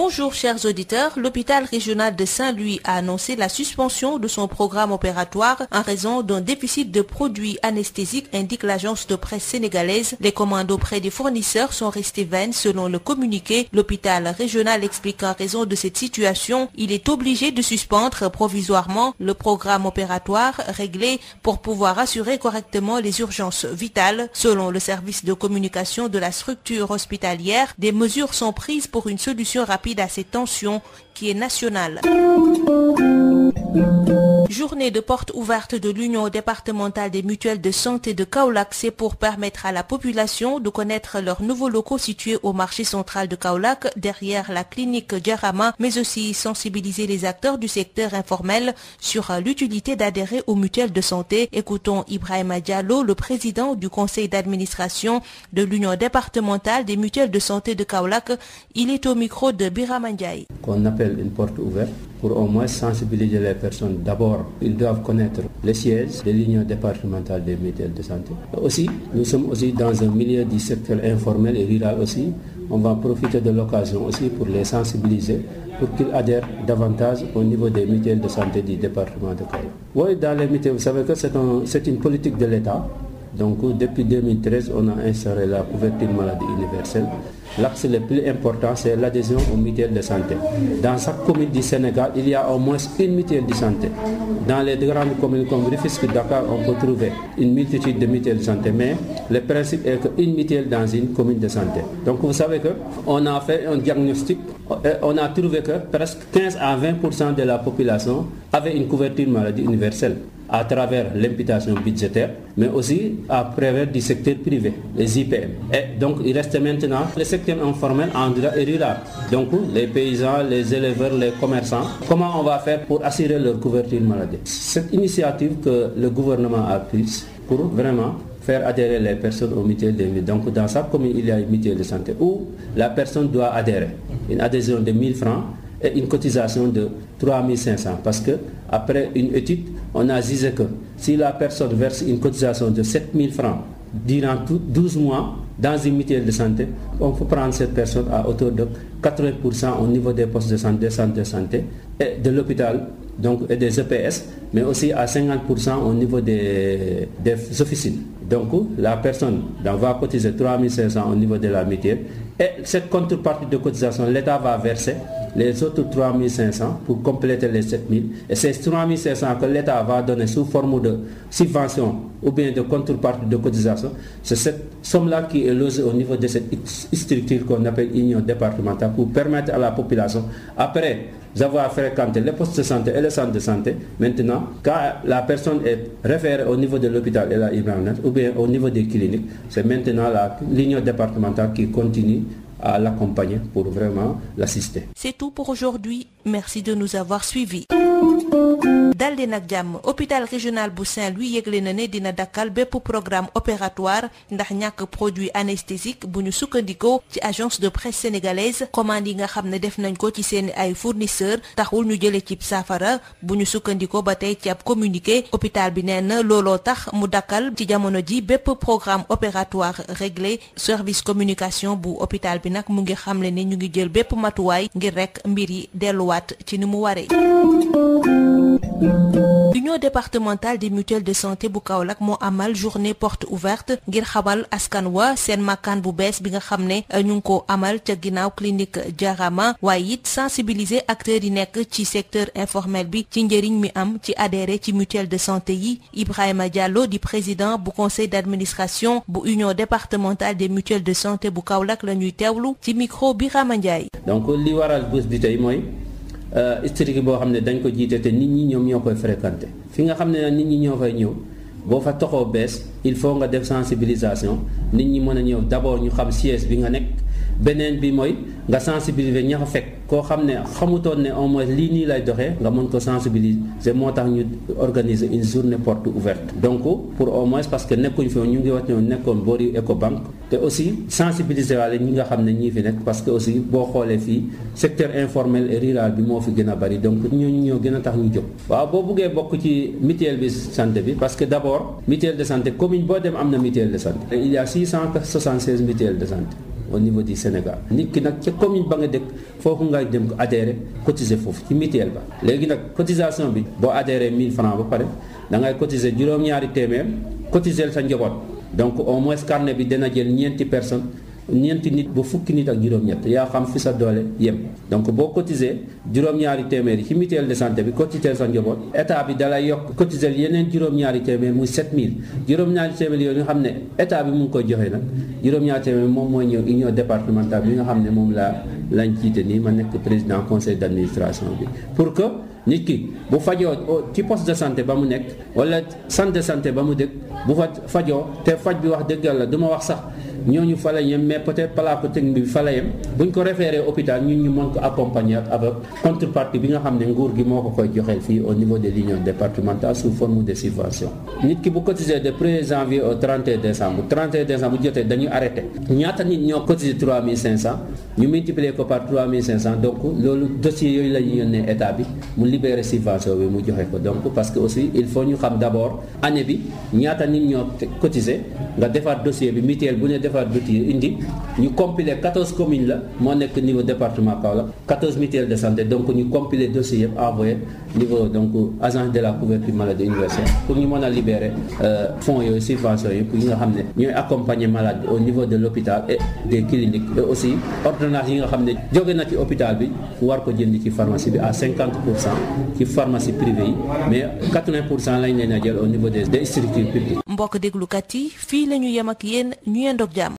Bonjour chers auditeurs, l'hôpital régional de Saint-Louis a annoncé la suspension de son programme opératoire en raison d'un déficit de produits anesthésiques, indique l'agence de presse sénégalaise. Les commandes auprès des fournisseurs sont restées vaines selon le communiqué. L'hôpital régional explique qu'en raison de cette situation, il est obligé de suspendre provisoirement le programme opératoire réglé pour pouvoir assurer correctement les urgences vitales. le service de communication de la structure rapide à ces tensions qui est nationale. Journée de porte ouverte de l'Union départementale des mutuelles de santé de Kaolack, c'est pour permettre à la population de connaître leurs nouveaux locaux situés au marché central de Kaolack, derrière la clinique Diarama, mais aussi sensibiliser les acteurs du secteur informel sur l'utilité d'adhérer aux mutuelles de santé. Écoutons Ibrahima Diallo, le président du conseil d'administration de l'Union départementale des mutuelles de santé de Kaolack. Il est au micro Ndiaye. pour au moins sensibiliser les personnes. D'abord, ils doivent connaître les sièges de l'Union départementale des mutuelles de santé. Aussi, nous sommes aussi dans un milieu du secteur informel et rural aussi. On va profiter de l'occasion aussi pour les sensibiliser, pour qu'ils adhèrent davantage au niveau des mutuelles de santé du département de Kayo. Oui, dans les mutuelles, vous savez que c'est un, une politique de l'État Donc depuis 2013, on a instauré la couverture maladie universelle. L'axe le plus important, c'est l'adhésion aux mutuelles de santé. Dans chaque commune du Sénégal, il y a au moins une mutuelle de santé. Dans les grandes communes comme Rufisque, Dakar, on peut trouver une multitude de mutuelles de santé, mais le principe est qu'une mutuelle dans une commune de santé. Donc vous savez qu'on a fait un diagnostic, et euh, on a trouvé que presque à 20% de la population avait une couverture maladie à travers l'imputation budgétaire, mais aussi à travers du secteur privé, les IPM. Et donc, il reste maintenant le secteur informel en rural. Donc, les paysans, les éleveurs, les commerçants, comment on va faire pour assurer leur couverture maladie Cette initiative que le gouvernement a prise pour vraiment faire adhérer les personnes au mutuelles de vie. Donc dans sa commune, il y a une mutuelle de santé où la personne doit adhérer. Une adhésion de francs et une parce que après on a jugé que si la personne verse une cotisation de 7000 francs durant 12 mois dans une mutuelle de santé, on peut prendre cette personne à hauteur de 80% au niveau des postes de santé, des centres de santé et de l'hôpital donc, et des EPS, mais aussi à 50% au niveau des, des officines. Donc la personne va cotiser 3500 au niveau de la mutuelle Et cette contrepartie de cotisation, l'État va verser les autres 3500 pour compléter les 7000. Et c'est 3500 que l'État va donner sous forme de subvention ou bien de contrepartie de cotisation, c'est cette somme-là qui est logée au niveau de cette structure qu'on appelle union départementale pour permettre à la population, après avoir fréquenté les postes de santé et les centres de santé, maintenant, quand la personne est référée au niveau de l'hôpital et la ou bien au niveau des cliniques, c'est maintenant l'union départementale qui continue à l'accompagner pour vraiment l'assister. C'est merci de nous avoir suivis. daldi nag jàmm hôpital régional bu Saint-Louis yëgle na ne dina dakkal bépp programme opératoire ndax ñàkk produit anesthésique bu ñu sukkandikoo ci agence de presse sénégalaise commande yi nga xam ne def nañ ko ci seen ay fournisseur taxul ñu jële cib saafara bu ñu sukkandikoo ba tey ci ab communiqué hôpital bi nee na looloo tax mu dakkal ci jamono ji bépp programme opératoire réglé service communication bu hôpital bi nag mu ngi xamle ne ñu ngi jël bépp matuwaay ngir rek mbir yi delluwaat ñëwaat ci ni mu waree. union départementale de mutuel de santé bu Kaolack moo amal journée porte ouverte ngir xamal askan wa seen makan bu bees bi nga xam ne euh, ñu ngi ko amal ca ginnaaw clinique jarama waaye it sensibiliser acteurs yi nekk ci secteur informel bi ci njëriñ mi am ci adhéré ci mutuelle de santé yi Ibrahima Diallo di président bu conseil d'administration bu union départementale des mutuel de santé bu Kaolack la ñuy teewlu ci micro bi Rama donc Euh, historique boo xam ne dañ ko jiite te nit ñi ñoom ñoo koy fréquenté fi nga xam ne nag nit ñi ñoo fay ñëw boo fa toxoo bees il faut nga def sensibilisation nit ñi mën a ñëw d'abord ñu xam siège bi nga nekk beneen bi mooy nga sensibiliser ña fa fekk koo xam ne xamutoon ne au moins lii nii lay doxee nga mën ko sensibiliser moo tax ñu organiser une journée porte ouverte donc pour au moins parce que nekkuñ fi ñu ngi wax ñoo nekkoon boori Ecobank te aussi sensibiliser waale ñi nga xam ne ñii fi nekk parce que aussi boo xoolee fi secteur informel et rural bi moo fi gën a bari donc ñu ñoo gën a tax ñu jóg waaw boo buggee bokk ci mutuelle bi santé bi parce que d'abord mutuelle de santé commune boo dem am na mutuelle de santé il y de santé au niveau du Sénégal nit ki nag ca commune ba nga dëkk foofu ngay dem ko adhéré foofu ci mutuelle ba léegi nag cotisation bi boo adhéré 1000 francs ba pare dangay ngay juróom-ñaari téeméer cotiser sa njaboot donc au moins carnet bi dana jël ñeenti personne ñeenti nit bu fukki nit ak juróom-ñett yaa xam fi sa doole yem donc boo cotisé juróom-ñaari téeméer ci mutuelle de santé bi cotisé sa njaboot état bi dalay yokk cotisé yeneen juróom-ñaari téeméer muy 7000 juróom-ñaari téeméer yooyu nga xam ne état bi mu ngi koy joxe nag juróom-ñaari téeméer moom mooy ñëw union départementale bi nga xam ne moom laa lañ jiite nii ma nekk président conseil d' administration bi pour que nit ki bu fajoo ci poste de santé ba mu nekk wala centre santé ba mu dëkk bu fa fajoo te faj bi wax dëgg yàlla du wax sax ñoo ñu la yem mais peut-être plateau technique bi fa la yem buñ ko référé hôpital ñun ñu mën ko accompagner avec contrepartie bi nga xam ne nguur gi moo ko koy joxeel fii au niveau de l'union départementale sous forme de subvention nit ki bu cotisé de 1er janvier au 31 décembre 31 décembre bu jotee dañu arrêté ñaata nit ñoo cotisé 3500 ñu multiplier ko par 3500 donc loolu dossier yooyu la ñu yónnee état bi mu joxe ko donc parce que aussi il faut ñu xam d'abord année bi ñaata nit ñoo cotisé nga defar dossier bi mutuelle Abdoulaye Boutier indi ñu compiler 14 communes la moo nekk niveau département Kaolack 14 mutuelles de santé donc ñu compiler dossier yëpp envoyé niveau donc agence de la couverture maladie universelle pour ñu mën a libérer euh, fonds yooyu subventions yi pour yi nga xam ne ñooy accompagner malade au niveau de l'hôpital et des cliniques aussi ordonnance yi nga xam ne jóge na ci hôpital bi war ko jënd ci pharmacie bi à pour cent ci pharmacie privée yi mais 80 pour mbokk déglukat yi fii la ñu yem ak yéen ñu yendoog jàmm